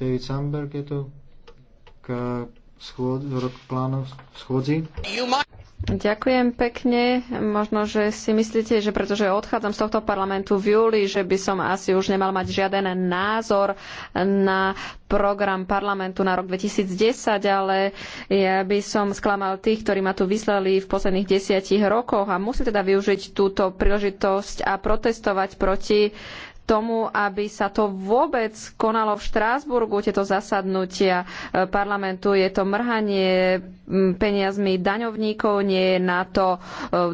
David Sandberg je tu k schôd, plánu schôdzi. Ďakujem pekne. Možno, že si myslíte, že pretože odchádzam z tohto parlamentu v júli, že by som asi už nemal mať žiaden názor na program parlamentu na rok 2010, ale ja by som sklamal tých, ktorí ma tu vyslali v posledných desiatich rokoch a musím teda využiť túto príležitosť a protestovať proti tomu, aby sa to vôbec konalo v Štrásburgu, tieto zasadnutia e, parlamentu. Je to mrhanie peniazmi daňovníkov, nie je na to e,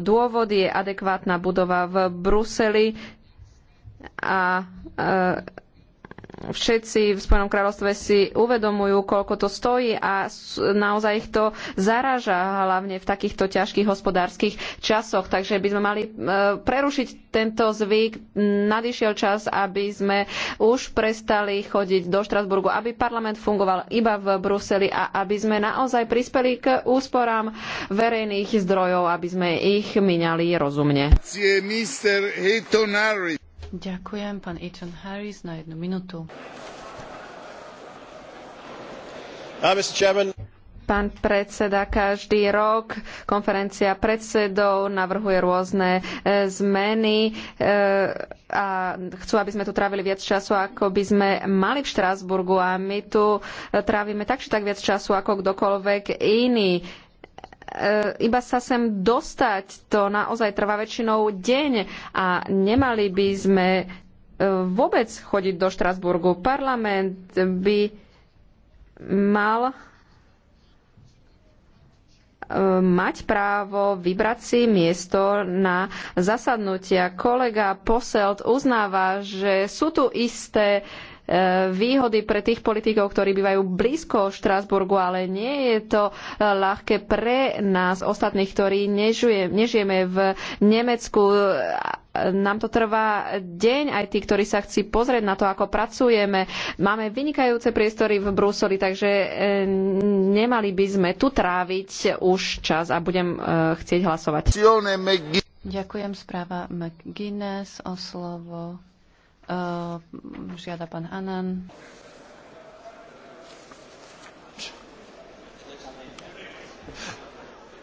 dôvod, je adekvátna budova v Bruseli a e, všetci v Spojenom kráľovstve si uvedomujú, koľko to stojí a naozaj ich to zaraža, hlavne v takýchto ťažkých hospodárskych časoch. Takže by sme mali e, prerušiť tento zvyk. Nadišiel čas, aby sme už prestali chodiť do Štrasburgu, aby parlament fungoval iba v Bruseli a aby sme naozaj prispeli k úsporám verejných zdrojov, aby sme ich miňali rozumne. Ďakujem, pán Ethan Harris, na jednu minútu. Ah, pán predseda, každý rok konferencia predsedov navrhuje rôzne e, zmeny e, a chcú, aby sme tu trávili viac času, ako by sme mali v Štrásburgu a my tu e, trávime tak či tak viac času ako kdokoľvek iný E, iba sa sem dostať, to naozaj trvá väčšinou deň a nemali by sme e, vôbec chodiť do Štrasburgu. Parlament by mal e, mať právo vybrať si miesto na zasadnutia. Kolega Poselt uznáva, že sú tu isté uh, výhody pre tých politikov, ktorí bývajú blízko Štrásburgu, ale nie je to eh, ľahké pre nás ostatných, ktorí nežujeme, nežijeme v Nemecku. Eh, nám to trvá deň, aj tí, ktorí sa chci pozrieť na to, ako pracujeme. Máme vynikajúce priestory v Bruseli, takže eh, nemali by sme tu tráviť už čas a budem chcieť hlasovať. Ďakujem správa McGuinness o slovo uh, Žiada pán Anan.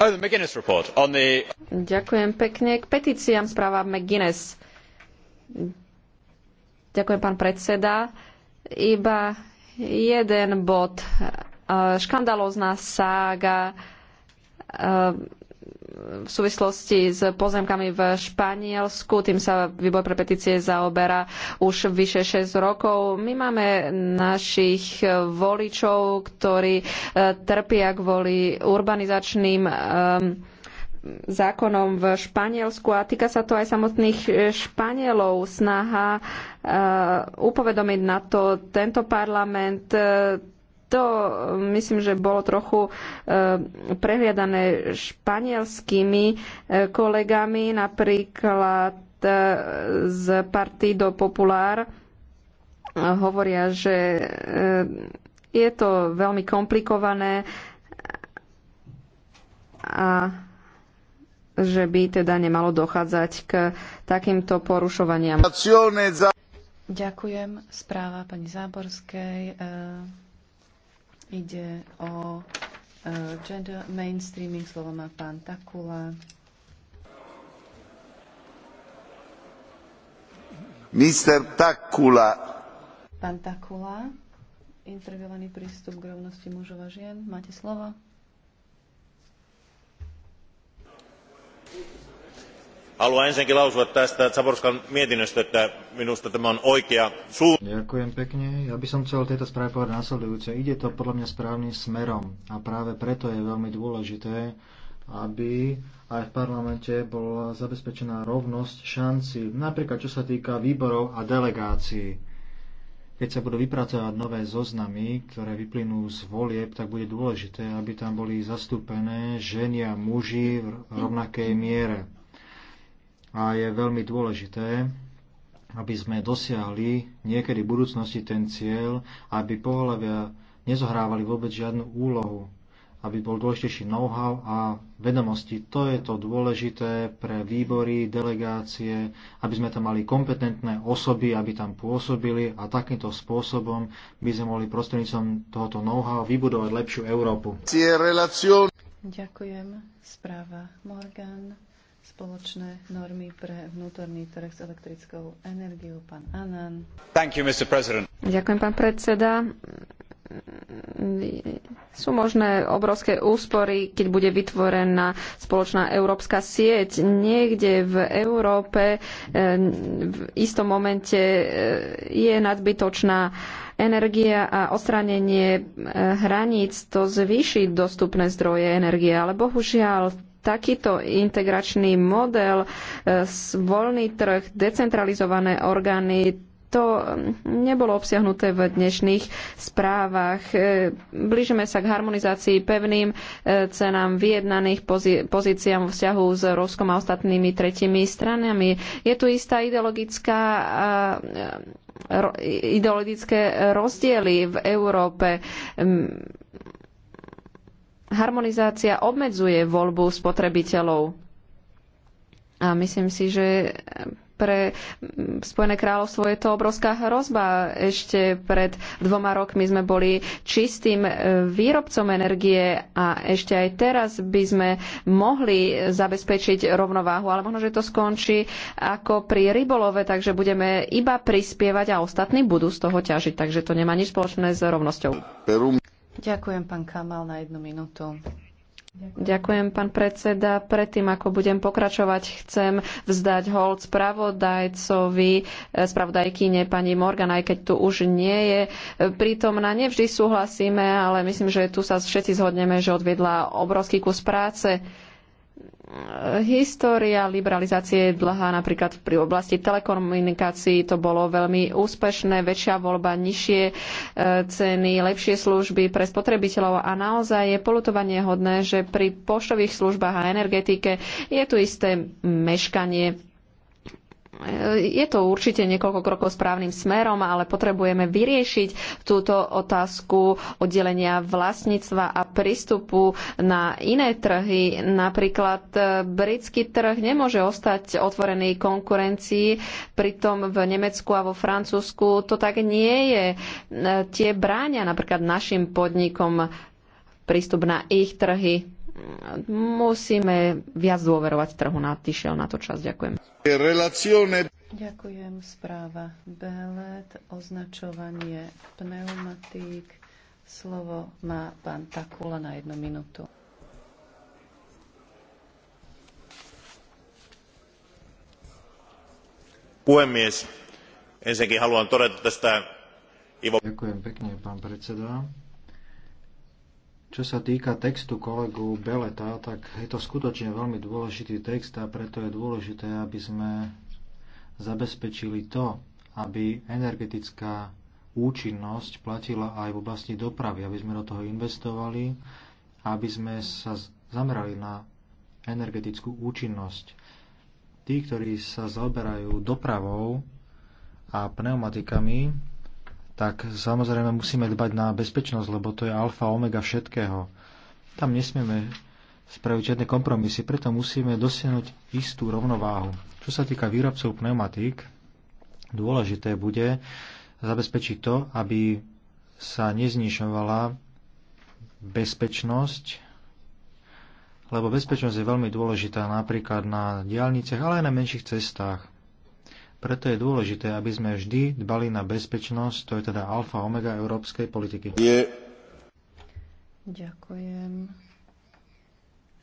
Oh, the McGuinness report on the... Ďakujem pekne. K petíciám správa McGuinness. Ďakujem, pán predseda. Iba jeden bod. Ehm, škandalozná sága ehm, v súvislosti s pozemkami v Španielsku. Tým sa výbor pre petície zaoberá už vyše 6 rokov. My máme našich voličov, ktorí e, trpia kvôli urbanizačným e, zákonom v Španielsku a týka sa to aj samotných Španielov. Snaha e, upovedomiť na to tento parlament, to eh, myslím, že bolo trochu eh, prehliadané španielskými eh, kolegami, napríklad z Partido Popular hovoria, že je to veľmi komplikované a že by teda nemalo dochádzať k takýmto porušovaniam. Ďakujem. Správa pani Záborskej Ide o e, gender mainstreaming, slovo má pán Takula. Mr. Takula. Pán Takula, integrovaný prístup k rovnosti mužov a žien. Máte slovo haluan ensinnäkin lausua tästä Zaborskan mietinnöstä, että minusta tämä on oikea suunta. Ďakujem pekne. Ja by som chcel tejto správe povedať nasledujúce. Ide to podľa mňa správnym smerom a práve preto je veľmi dôležité, aby aj v parlamente bola zabezpečená rovnosť šanci, napríklad čo sa týka výborov a delegácií. Keď sa budú vypracovať nové zoznamy, ktoré vyplynú z volieb, tak bude dôležité, aby tam boli zastúpené ženy a muži v rovnakej miere a je veľmi dôležité, aby sme dosiahli niekedy v budúcnosti ten cieľ, aby pohľavia nezohrávali vôbec žiadnu úlohu, aby bol dôležitejší know-how a vedomosti. To je to dôležité pre výbory, delegácie, aby sme tam mali kompetentné osoby, aby tam pôsobili a takýmto spôsobom by sme mohli prostrednícom tohoto know-how vybudovať lepšiu Európu. Ďakujem. Správa Morgan spoločné normy pre vnútorný trh s elektrickou energiou. Pán Anan. Thank you, Mr. President. Ďakujem, pán predseda sú možné obrovské úspory, keď bude vytvorená spoločná európska sieť. Niekde v Európe eh, v istom momente eh, je nadbytočná energia a odstránenie eh, hraníc to zvýši dostupné zdroje energie, ale bohužiaľ takýto integračný model, e, voľný trh, decentralizované orgány, to nebolo obsiahnuté v dnešných správach. E, blížime sa k harmonizácii pevným e, cenám vyjednaných pozíciám v vzťahu s Ruskom a ostatnými tretimi stranami. Je tu istá ideologická ideologické rozdiely v Európe Harmonizácia obmedzuje voľbu spotrebiteľov. A myslím si, že pre Spojené kráľovstvo je to obrovská hrozba. Ešte pred dvoma rokmi sme boli čistým e, výrobcom energie a ešte aj teraz by sme mohli zabezpečiť rovnováhu, ale možno, že to skončí ako pri rybolove, takže budeme iba prispievať a ostatní budú z toho ťažiť, takže to nemá nič spoločné s rovnosťou. Perum. Ďakujem, pán Kamal, na jednu minútu. Ďakujem, pán predseda. Predtým, ako budem pokračovať, chcem vzdať hold spravodajcovi, eh, spravodajkyne pani Morgan, aj keď tu už nie je prítomná. Nevždy súhlasíme, ale myslím, že tu sa všetci zhodneme, že odvedla obrovský kus práce História liberalizácie je dlhá, napríklad pri oblasti telekomunikácií to bolo veľmi úspešné, väčšia voľba, nižšie e, ceny, lepšie služby pre spotrebiteľov a naozaj je polutovanie hodné, že pri poštových službách a energetike je tu isté meškanie E, je to určite niekoľko krokov správnym smerom, ale potrebujeme vyriešiť túto otázku oddelenia vlastníctva a prístupu na iné trhy. Napríklad e, britský trh nemôže ostať otvorený konkurencii, pritom v Nemecku a vo Francúzsku to tak nie je. E, tie bráňa napríklad našim podnikom prístup na ich trhy musíme viac dôverovať trhu. Na tyšiel na to čas. Ďakujem. Ďakujem. Správa Belet, označovanie pneumatík. Slovo má pán Takula na jednu minútu. Puhemies, ensinnäkin haluan todeta tästä Ivo... Ďakujem pekne, pán predseda. Čo sa týka textu kolegu Beleta, tak je to skutočne veľmi dôležitý text a preto je dôležité, aby sme zabezpečili to, aby energetická účinnosť platila aj v oblasti dopravy, aby sme do toho investovali, aby sme sa zamerali na energetickú účinnosť. Tí, ktorí sa zaoberajú dopravou a pneumatikami, tak samozrejme musíme dbať na bezpečnosť, lebo to je alfa omega všetkého. Tam nesmieme spraviť žiadne kompromisy, preto musíme dosiahnuť istú rovnováhu. Čo sa týka výrobcov pneumatík, dôležité bude zabezpečiť to, aby sa neznišovala bezpečnosť, lebo bezpečnosť je veľmi dôležitá napríklad na diálniciach, ale aj na menších cestách. Preto je dôležité, aby sme vždy dbali na bezpečnosť, to je teda alfa omega európskej politiky. Je. Ďakujem.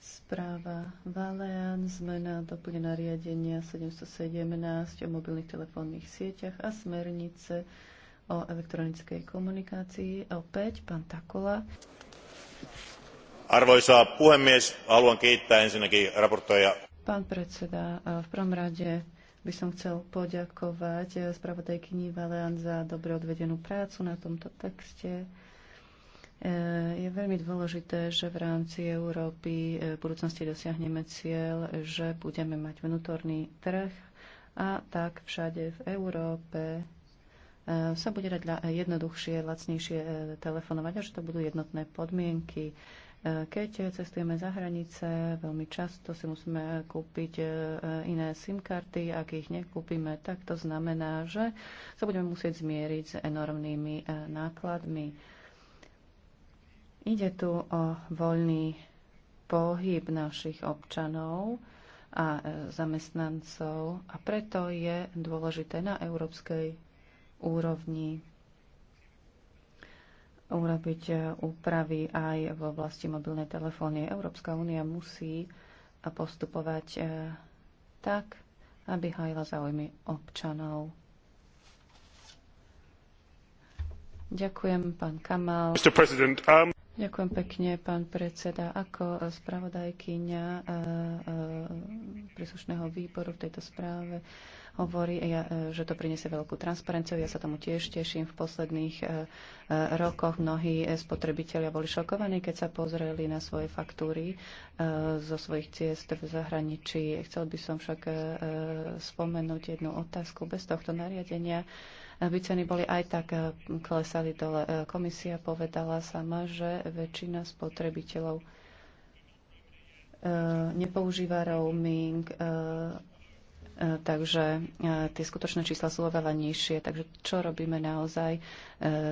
Správa Valean, zmena doplne riadenia 717 o mobilných telefónnych sieťach a smernice o elektronickej komunikácii. Opäť pán Takola. Arvoisa puhemies, haluan kiittää ensinnäkin raportoja. Pán predseda, v prvom rade by som chcel poďakovať eh, spravodajkyni Valean za dobre odvedenú prácu na tomto texte. Eh, je veľmi dôležité, že v rámci Európy eh, v budúcnosti dosiahneme cieľ, že budeme mať vnútorný trh a tak všade v Európe sa bude dať jednoduchšie, lacnejšie telefonovať a že to budú jednotné podmienky. Keď cestujeme za hranice, veľmi často si musíme kúpiť e, iné SIM karty. Ak ich nekúpime, tak to znamená, že sa budeme musieť zmieriť s enormnými e, nákladmi. Ide tu o voľný pohyb našich občanov a e, zamestnancov a preto je dôležité na európskej úrovni urobiť eh, úpravy aj v oblasti mobilnej telefónie. Európska únia musí eh, postupovať eh, tak, aby hájila záujmy občanov. Ďakujem, pán Kamal. Um... Ďakujem pekne, pán predseda. Ako spravodajkyňa príslušného výboru v tejto správe hovorí, e, že to priniesie veľkú transparenciu. Ja sa tomu tiež teším. V posledných e, e, rokoch mnohí spotrebitelia boli šokovaní, keď sa pozreli na svoje faktúry zo svojich ciest v zahraničí. Chcel by som však spomenúť jednu otázku. Bez tohto nariadenia by ceny boli aj tak klesali dole. Komisia povedala sama, že väčšina spotrebiteľov nepoužíva roaming E, takže e, tie skutočné čísla sú oveľa nižšie. Takže čo robíme naozaj? E,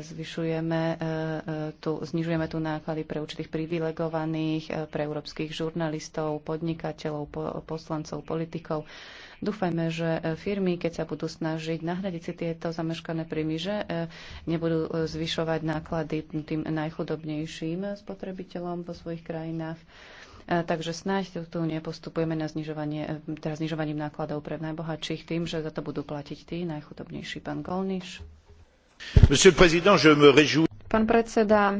zvyšujeme tu, znižujeme tu náklady pre určitých privilegovaných, pre európskych žurnalistov, podnikateľov, poslancov, politikov. Dúfajme, že firmy, keď sa budú snažiť nahradiť si tieto zameškané príjmy, že nebudú zvyšovať náklady tým najchudobnejším spotrebiteľom vo svojich krajinách E, takže snáď tu nepostupujeme na znižovanie, e, teda znižovaním nákladov pre najbohatších tým, že za to budú platiť tí najchudobnejší. Pán Golniš. Pán predseda,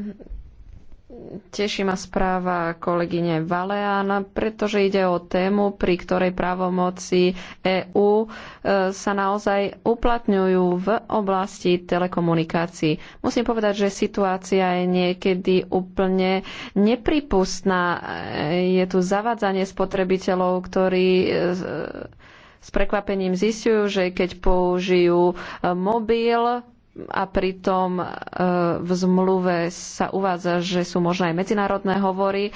Teší ma správa kolegyne Valean, pretože ide o tému, pri ktorej právomoci EÚ e, sa naozaj uplatňujú v oblasti telekomunikácií. Musím povedať, že situácia je niekedy úplne nepripustná. Je tu zavádzanie spotrebiteľov, ktorí e, s prekvapením zistujú, že keď použijú e, mobil, a pritom e, v zmluve sa uvádza, že sú možné aj medzinárodné hovory.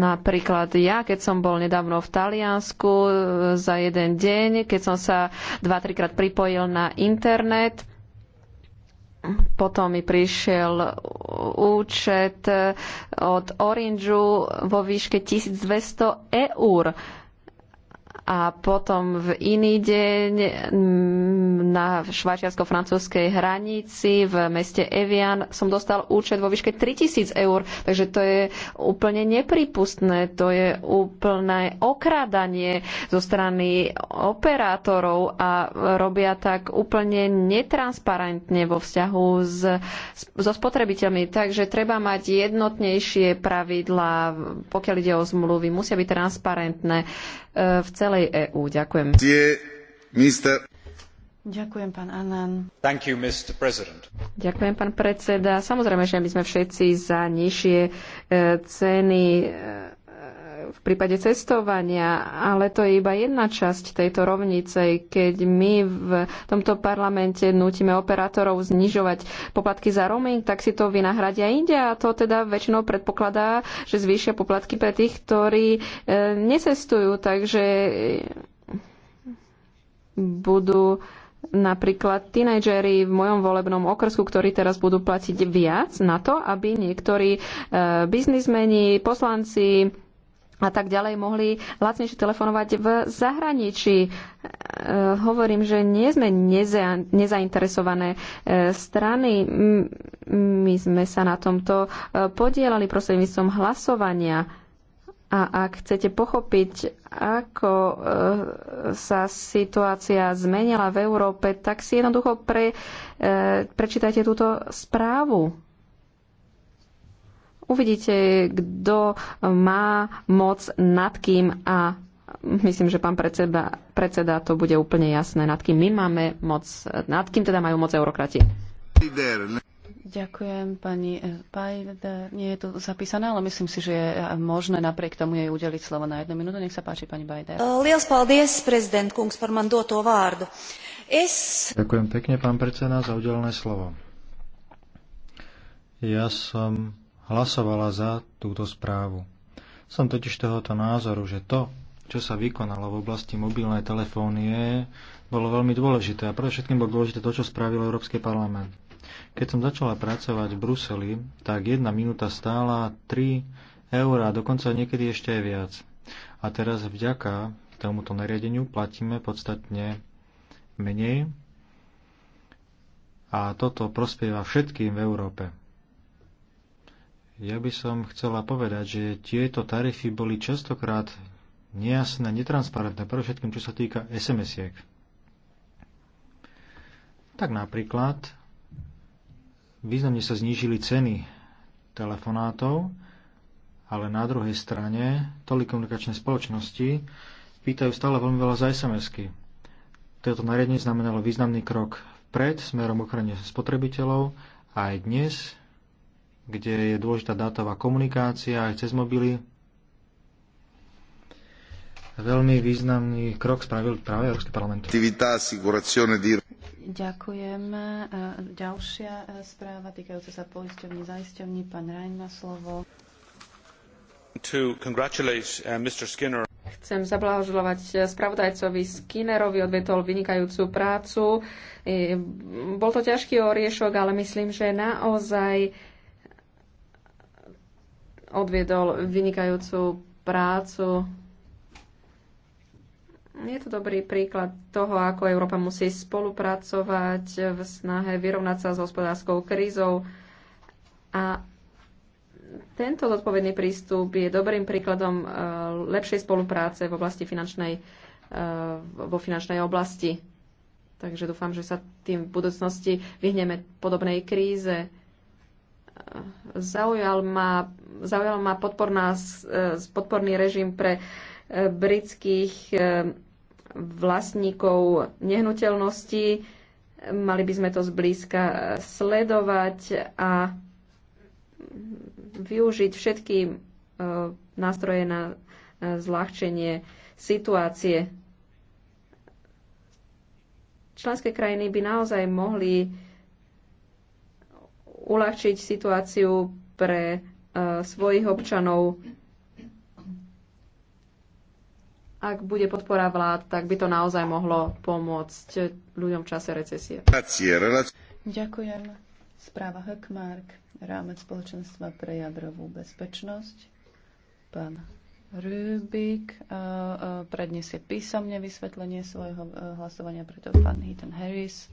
Napríklad ja, keď som bol nedávno v Taliansku e, za jeden deň, keď som sa 2-3 krát pripojil na internet, potom mi prišiel účet e, od Orangeu vo výške 1200 eur a potom v iný deň mm, na švajčiarsko-francúzskej hranici v meste Evian som dostal účet vo výške 3000 eur. Takže to je úplne nepripustné, to je úplné okradanie zo strany operátorov a robia tak úplne netransparentne vo vzťahu s, so spotrebiteľmi. Takže treba mať jednotnejšie pravidlá, pokiaľ ide o zmluvy, musia byť transparentné e, v celej celej EÚ. Ďakujem. Ďakujem, pán Anan. You, Ďakujem, pán predseda. Samozrejme, že my sme všetci za nižšie e, ceny e, v prípade cestovania, ale to je iba jedna časť tejto rovnice, keď my v tomto parlamente nutíme operátorov znižovať poplatky za roaming, tak si to vynahradia inde a to teda väčšinou predpokladá, že zvýšia poplatky pre tých, ktorí e, necestujú, takže e, budú napríklad tínejdžeri v mojom volebnom okrsku, ktorí teraz budú platiť viac na to, aby niektorí e, biznismeni, poslanci, a tak ďalej mohli lacnejšie telefonovať v zahraničí. E, hovorím, že nie sme neza, nezainteresované e, strany. My sme sa na tomto e, podielali prostredníctvom hlasovania. A ak chcete pochopiť, ako sa situácia zmenila v Európe, tak si jednoducho pre, prečítajte túto správu uvidíte, kto má moc nad kým a myslím, že pán predseda, predseda to bude úplne jasné, nad kým my máme moc, nad kým teda majú moc eurokrati. Ďakujem, pani eh, Pajda. Nie je to zapísané, ale myslím si, že je eh, možné napriek tomu jej udeliť slovo na jednu minútu. Nech sa páči, pani Bajda. Eh, Lielas paldies, prezident Kungs, par man doto Es... Ďakujem pekne, pán predseda, za udelené slovo. Ja som hlasovala za túto správu. Som totiž tohoto názoru, že to, čo sa vykonalo v oblasti mobilnej telefónie, bolo veľmi dôležité a pre všetkým bolo dôležité to, čo spravil Európsky parlament. Keď som začala pracovať v Bruseli, tak jedna minúta stála 3 eur a dokonca niekedy ešte aj viac. A teraz vďaka tomuto nariadeniu platíme podstatne menej a toto prospieva všetkým v Európe. Ja by som chcela povedať, že tieto tarify boli častokrát nejasné, netransparentné, pre všetkým, čo sa týka SMS-iek. Tak napríklad významne sa znížili ceny telefonátov, ale na druhej strane telekomunikačné spoločnosti pýtajú stále veľmi veľa za SMS-ky. Toto nariadenie znamenalo významný krok pred smerom ochrane spotrebiteľov a aj dnes kde je dôležitá dátová komunikácia aj cez mobily. Veľmi významný krok spravil práve Európsky parlament. Ďakujem. E, ďalšia e, správa týkajúca sa poisťovní zaisťovní. Pán Rajn má slovo. Uh, Chcem zablahoželovať e, spravodajcovi Skinnerovi, odvetol vynikajúcu prácu. Bol to ťažký oriešok, ale myslím, že naozaj odviedol vynikajúcu prácu. Je to dobrý príklad toho, ako Európa musí spolupracovať v snahe vyrovnať sa s hospodárskou krízou. A tento zodpovedný prístup je dobrým príkladom e, lepšej spolupráce v oblasti finančnej, e, vo finančnej oblasti. Takže dúfam, že sa tým v budúcnosti vyhneme podobnej kríze. Zaujal ma, zaujal ma podporná, podporný režim pre e, britských e, vlastníkov nehnuteľností. Mali by sme to zblízka e, sledovať a využiť všetky nástroje na zľahčenie situácie. Členské krajiny by naozaj mohli uľahčiť situáciu pre e, svojich občanov. Ak bude podpora vlád, tak by to naozaj mohlo pomôcť ľuďom v čase recesie. Ďakujem. Správa Hökmark, rámec spoločenstva pre jadrovú bezpečnosť. Pán Rubik e, e, predniesie písomne vysvetlenie svojho hlasovania, preto pán Heaton Harris.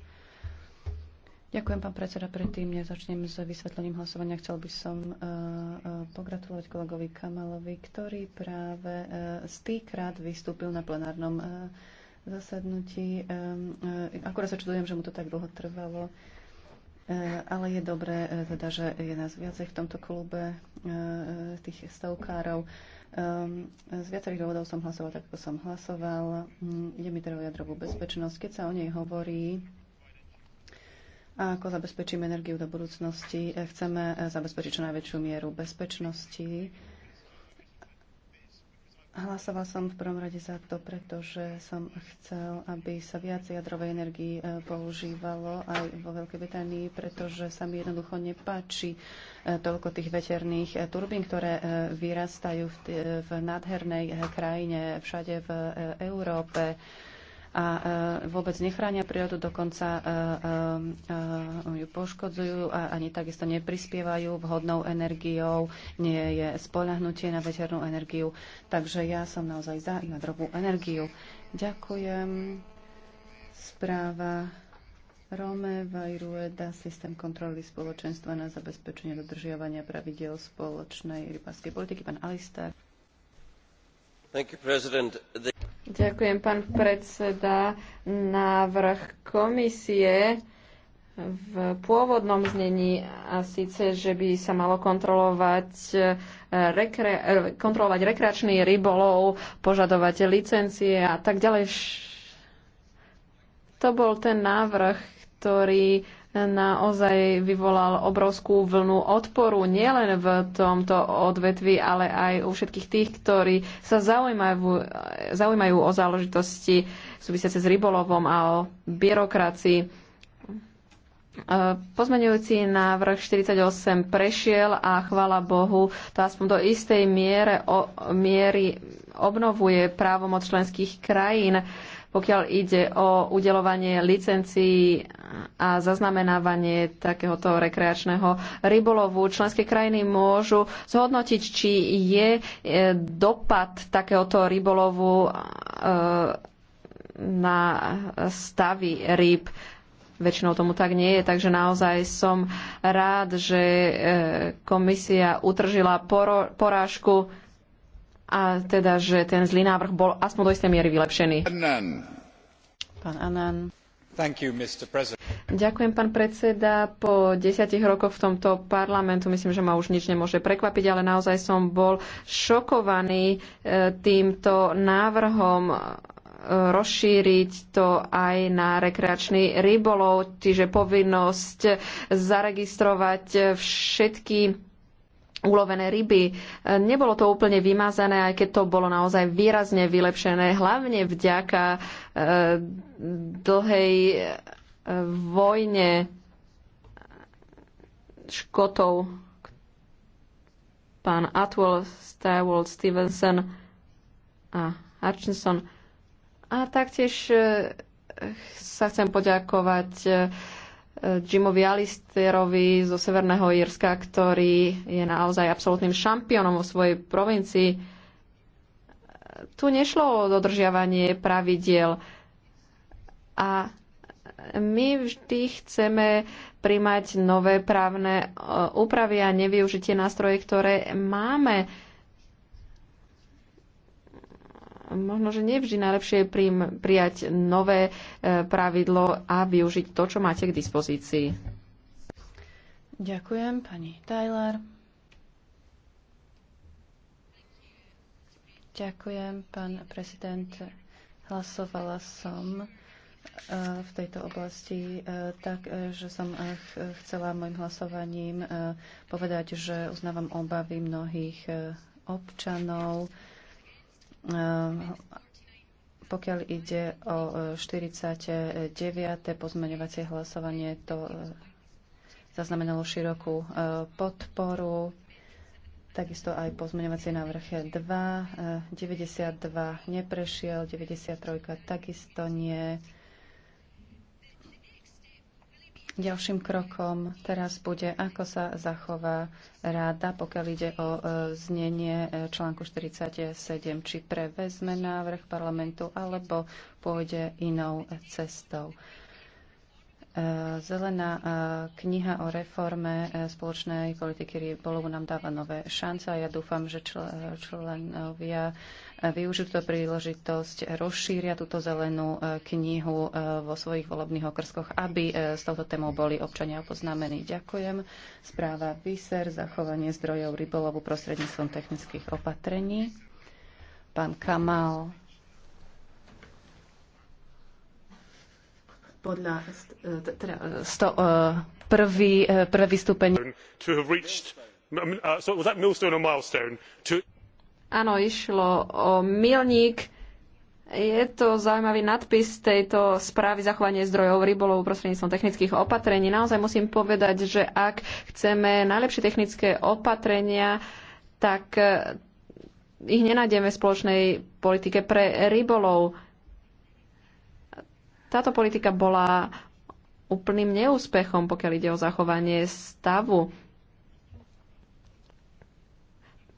Ďakujem, pán predseda. Predtým, než začnem s vysvetlením hlasovania, chcel by som uh, uh, pogratulovať kolegovi Kamalovi, ktorý práve uh, eh, týkrát vystúpil na plenárnom uh, zasadnutí. Um, ehm, uh, akurát sa čudujem, že mu to tak dlho trvalo. Ale je dobré, teda, že je nás viacej v tomto klube tých stavkárov. Ehm, z viacerých dôvodov som hlasoval tak, ako som hlasoval. Je hm, mi teda o jadrovú bezpečnosť. Keď sa o nej hovorí, a ako zabezpečíme energiu do budúcnosti. E, chceme e, zabezpečiť čo najväčšiu mieru bezpečnosti. Hlasoval som v prvom rade za to, pretože som chcel, aby sa viac jadrovej energii e, používalo aj vo Veľkej Británii, pretože sa mi jednoducho nepáči toľko tých veterných turbín, ktoré vyrastajú v, v nádhernej krajine všade v Európe a e, vôbec nechránia prírodu, dokonca e, e, ju poškodzujú a ani takisto neprispievajú vhodnou energiou, nie je spolahnutie na veternú energiu. Takže ja som naozaj za jadrovú energiu. Ďakujem. Správa Rome Vajrueda, systém kontroly spoločenstva na zabezpečenie dodržiavania pravidel spoločnej rybárskej politiky. Pán Thank You, Ďakujem, pán predseda. Návrh komisie v pôvodnom znení a síce, že by sa malo kontrolovať, rekre, kontrolovať rekreačný rybolov, požadovať licencie a tak ďalej. To bol ten návrh, ktorý naozaj vyvolal obrovskú vlnu odporu nielen v tomto odvetvi, ale aj u všetkých tých, ktorí sa zaujímajú, zaujímajú o záležitosti súvisiace s rybolovom a o byrokracii. E, pozmeňujúci návrh 48 prešiel a chvala Bohu, to aspoň do istej miere, o, miery obnovuje právomoc členských krajín pokiaľ ide o udelovanie licencií a zaznamenávanie takéhoto rekreačného rybolovu. Členské krajiny môžu zhodnotiť, či je e, dopad takéhoto rybolovu e, na stavy rýb väčšinou tomu tak nie je, takže naozaj som rád, že e, komisia utržila porážku a teda, že ten zlý návrh bol aspoň do istej miery vylepšený. Pán Anan. You, Ďakujem, pán predseda. Po desiatich rokoch v tomto parlamentu myslím, že ma už nič nemôže prekvapiť, ale naozaj som bol šokovaný e, týmto návrhom e, rozšíriť to aj na rekreačný rybolov, čiže povinnosť zaregistrovať všetky ulovené ryby. E, nebolo to úplne vymazané, aj keď to bolo naozaj výrazne vylepšené, hlavne vďaka e, dlhej e, vojne škotov. Pán Atwell, Stewart, Stevenson a Hutchinson. A taktiež e, sa chcem poďakovať e, Jimovi Alisterovi zo Severného Írska, ktorý je naozaj absolútnym šampiónom vo svojej provincii. Tu nešlo o dodržiavanie pravidiel a my vždy chceme primať nové právne e, úpravy a nevyužitie nástroje, ktoré máme možno, že nevždy najlepšie je prijať nové e, pravidlo a využiť to, čo máte k dispozícii. Ďakujem, pani Tyler. Ďakujem, pán prezident. Hlasovala som e, v tejto oblasti e, tak, že som chcela môjim hlasovaním povedať, že uznávam obavy mnohých občanov Ehm, pokiaľ ide o 49. E, pozmeňovacie hlasovanie, to e, zaznamenalo širokú e, podporu. Takisto aj pozmeňovacie návrh 2, 92 neprešiel, 93 takisto nie. Ďalším krokom teraz bude, ako sa zachová ráda, pokiaľ ide o e, znenie e, článku 47, či prevezme návrh parlamentu, alebo pôjde inou cestou. Zelená e, kniha o reforme e, spoločnej politiky rybolovu nám dáva nové šance a ja dúfam, že členovia e, využijú túto príležitosť, rozšíria túto zelenú knihu vo svojich volebných okrskoch, aby s touto témou boli občania opoznámení. Ďakujem. Správa VISER, zachovanie zdrojov rybolovu prostredníctvom technických opatrení. Pán Kamal podľa e, teda uh, prvý, e, prvé vystúpenie. Áno, išlo o milník. Je to zaujímavý nadpis tejto správy zachovanie zdrojov rybolov prostredníctvom technických opatrení. Naozaj musím povedať, že ak chceme najlepšie technické opatrenia, tak ich nenájdeme v spoločnej politike pre rybolov táto politika bola úplným neúspechom, pokiaľ ide o zachovanie stavu.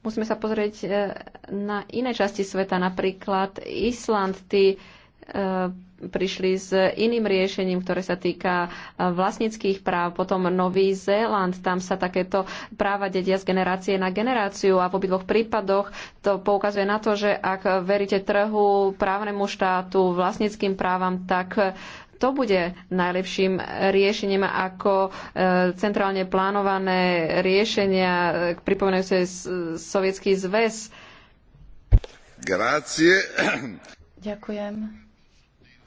Musíme sa pozrieť e, na iné časti sveta, napríklad Island. Tí e, prišli s iným riešením, ktoré sa týka vlastnických práv. Potom Nový Zéland, tam sa takéto práva dedia z generácie na generáciu a v obidvoch prípadoch to poukazuje na to, že ak veríte trhu, právnemu štátu, vlastnickým právam, tak e, to bude najlepším riešením ako e, centrálne plánované riešenia, e, pripomínajúce sovietský zväz. Grácie. Ďakujem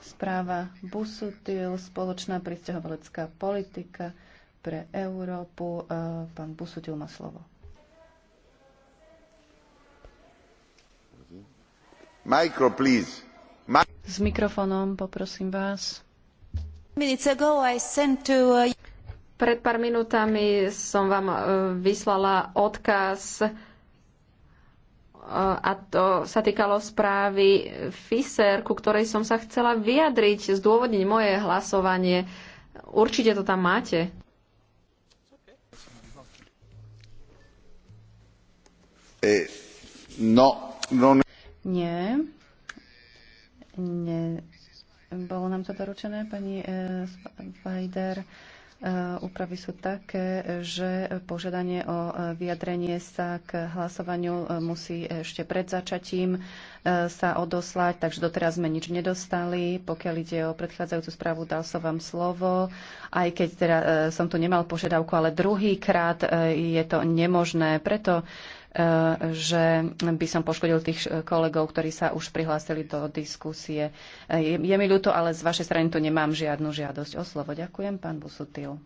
správa Busutil, spoločná pristahovalecká politika pre Európu. E, pán Busutil má slovo. Micro, please. S mikrofónom poprosím vás. Uh, Pred pár minútami som vám e, vyslala odkaz a to sa týkalo správy FISER, ku ktorej som sa chcela vyjadriť, zdôvodniť moje hlasovanie. Určite to tam máte. Eh, no, no, no... Nie. Nie. Bolo nám to doručené, pani e, eh, Spider. E, úpravy sú také, že požiadanie o e, vyjadrenie sa k hlasovaniu e, musí ešte pred začatím sa odoslať, takže doteraz sme nič nedostali. Pokiaľ ide o predchádzajúcu správu, dal som vám slovo, aj keď teda som tu nemal požiadavku, ale druhýkrát je to nemožné. Preto že by som poškodil tých eh, kolegov, ktorí sa už prihlásili do diskusie. Eh, je, je mi ľúto, ale z vašej strany tu nemám žiadnu žiadosť o slovo. Ďakujem, pán Busutil.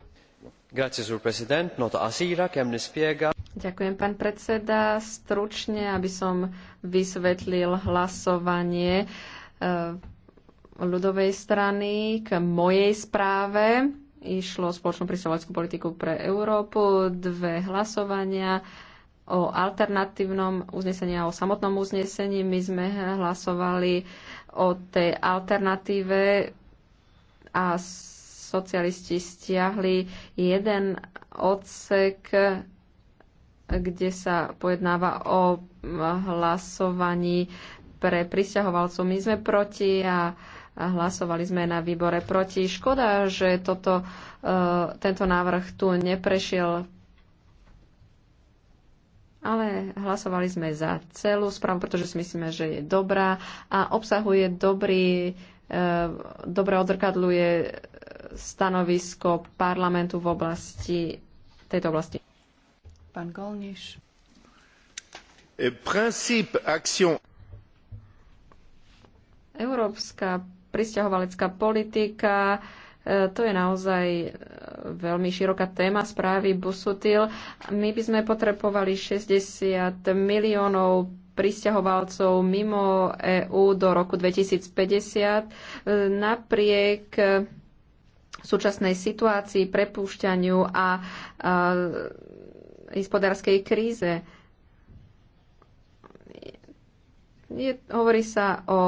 Ďakujem, pán predseda. Stručne, aby som vysvetlil hlasovanie eh, ľudovej strany k mojej správe. Išlo spoločnú prisťahovackú politiku pre Európu, dve hlasovania o alternatívnom uznesení a o samotnom uznesení. My sme hlasovali o tej alternatíve a socialisti stiahli jeden odsek, kde sa pojednáva o hlasovaní pre pristahovalcov. My sme proti a hlasovali sme na výbore proti. Škoda, že toto, eh, tento návrh tu neprešiel ale hlasovali sme za celú správu, pretože si myslíme, že je dobrá a obsahuje dobrý, e, dobre odrkadluje stanovisko parlamentu v oblasti tejto oblasti. Pán Golniš. Eh, Európska pristahovalecká politika, e, to je naozaj veľmi široká téma správy Busutil. My by sme potrebovali 60 miliónov pristahovalcov mimo EÚ do roku 2050. Napriek súčasnej situácii, prepúšťaniu a, a hospodárskej kríze. Je, hovorí sa o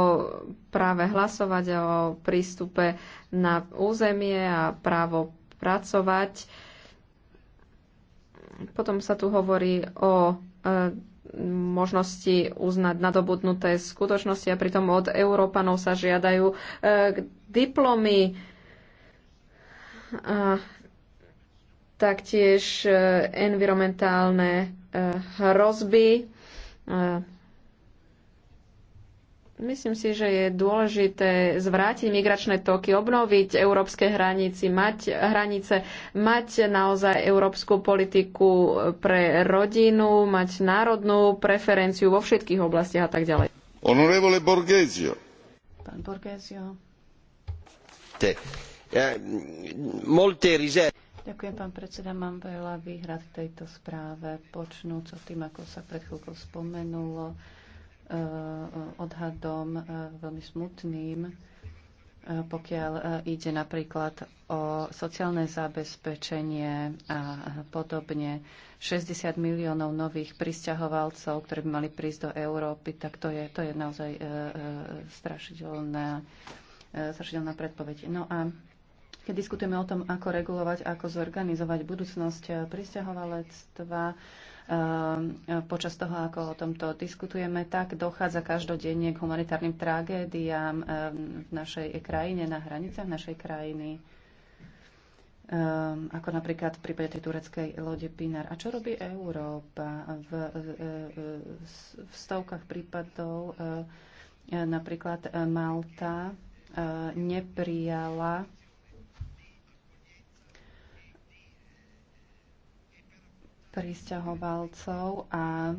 práve hlasovať a o prístupe na územie a právo pracovať. Potom sa tu hovorí o e, možnosti uznať nadobudnuté skutočnosti a pritom od Európanov sa žiadajú e, diplomy. A taktiež e, environmentálne hrozby, Myslím si, že je dôležité zvrátiť migračné toky, obnoviť európske hranici, mať hranice, mať naozaj európsku politiku pre rodinu, mať národnú preferenciu vo všetkých oblastiach a tak ďalej. Honorevole Borghezio. Pán Borghezio. Te, eh, molte riser- Ďakujem, pán predseda. Mám veľa výhrad k tejto správe, počnúť o tým, ako sa pred chvíľkou spomenulo Eh, odhadom eh, veľmi smutným, eh, pokiaľ ide napríklad o sociálne zabezpečenie a podobne. 60 miliónov nových pristahovalcov, ktorí by mali prísť do Európy, tak to je, to je naozaj strašidelná, strašidelná predpoveď. No a keď diskutujeme o tom, ako regulovať, ako zorganizovať budúcnosť pristahovalectva, Ehm, počas toho, ako o tomto diskutujeme, tak dochádza každodenne k humanitárnym tragédiám ehm, v našej krajine, na hranicách našej krajiny um, ako napríklad v prípade tej tureckej lode Pinar. A čo robí Európa v, v stovkách prípadov? Napríklad Malta neprijala pristahovalcov a e,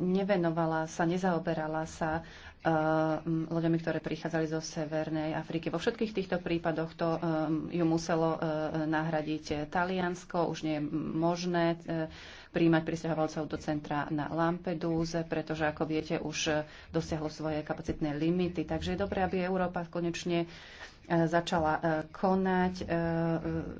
nevenovala sa, nezaoberala sa ľuďami, e, ktoré prichádzali zo Severnej Afriky. Vo všetkých týchto prípadoch to e, ju muselo nahradiť Taliansko, už nie je možné príjmať pristahovalcov do centra na Lampedúze, pretože, ako viete, už dosiahlo svoje kapacitné limity. Takže je dobré, aby Európa konečne e, začala e, konať. E,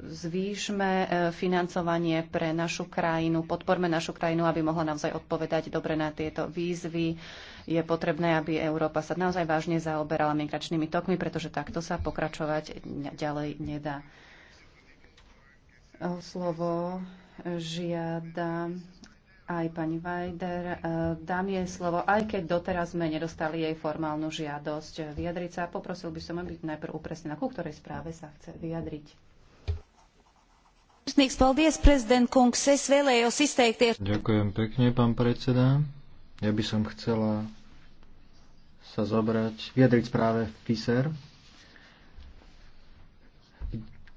zvýšme financovanie pre našu krajinu, podporme našu krajinu, aby mohla naozaj odpovedať dobre na tieto výzvy. Je potrebné, aby Európa sa naozaj vážne zaoberala migračnými tokmi, pretože takto sa pokračovať ďalej nedá. Slovo žiada aj pani Vajder. E, dám jej slovo, aj keď doteraz sme nedostali jej formálnu žiadosť vyjadriť sa. Poprosil by som, aby najprv upresnila, ku ktorej správe sa chce vyjadriť. Ďakujem pekne, pán predseda. Ja by som chcela sa zobrať, vyjadriť správe FISER.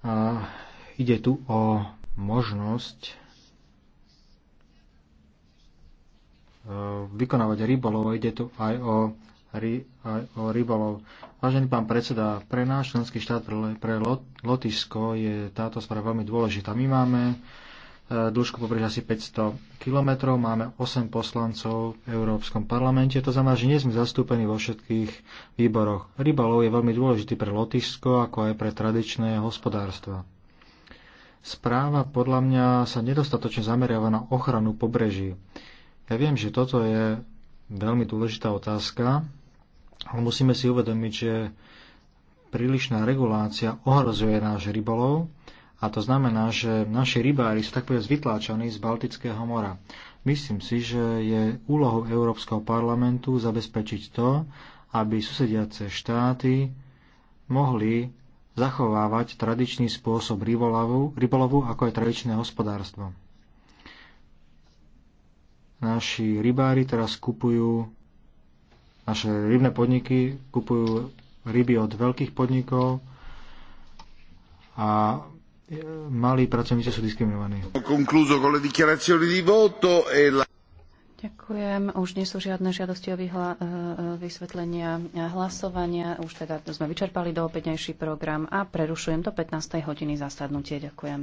A ide tu o možnosť e, vykonávať rybolov, ide tu aj o, ry, aj o rybolov. Vážený pán predseda, pre náš členský štát, pre, pre Lotisko je táto správa veľmi dôležitá. My máme e, dĺžku pobrežia asi 500 kilometrov, máme 8 poslancov v Európskom parlamente, to znamená, že nie sme zastúpení vo všetkých výboroch. Rybalov je veľmi dôležitý pre Lotisko, ako aj pre tradičné hospodárstva. Správa podľa mňa sa nedostatočne zameriava na ochranu pobreží. Ja viem, že toto je veľmi dôležitá otázka, ale musíme si uvedomiť, že prílišná regulácia ohrozuje náš rybolov a to znamená, že naši rybári sú tak povedať vytláčaní z Baltického mora. Myslím si, že je úlohou Európskeho parlamentu zabezpečiť to, aby susediace štáty mohli zachovávať tradičný spôsob rybolovu, rybolovu ako je tradičné hospodárstvo. Naši rybári teraz kupujú, naše rybné podniky kupujú ryby od veľkých podnikov a e, malí pracovníci sú diskriminovaní. Ďakujem. Už nie sú žiadne žiadosti o vyhla, e, e, vysvetlenia hlasovania. Už teda sme vyčerpali do program a prerušujem do 15. hodiny zasadnutie. Ďakujem.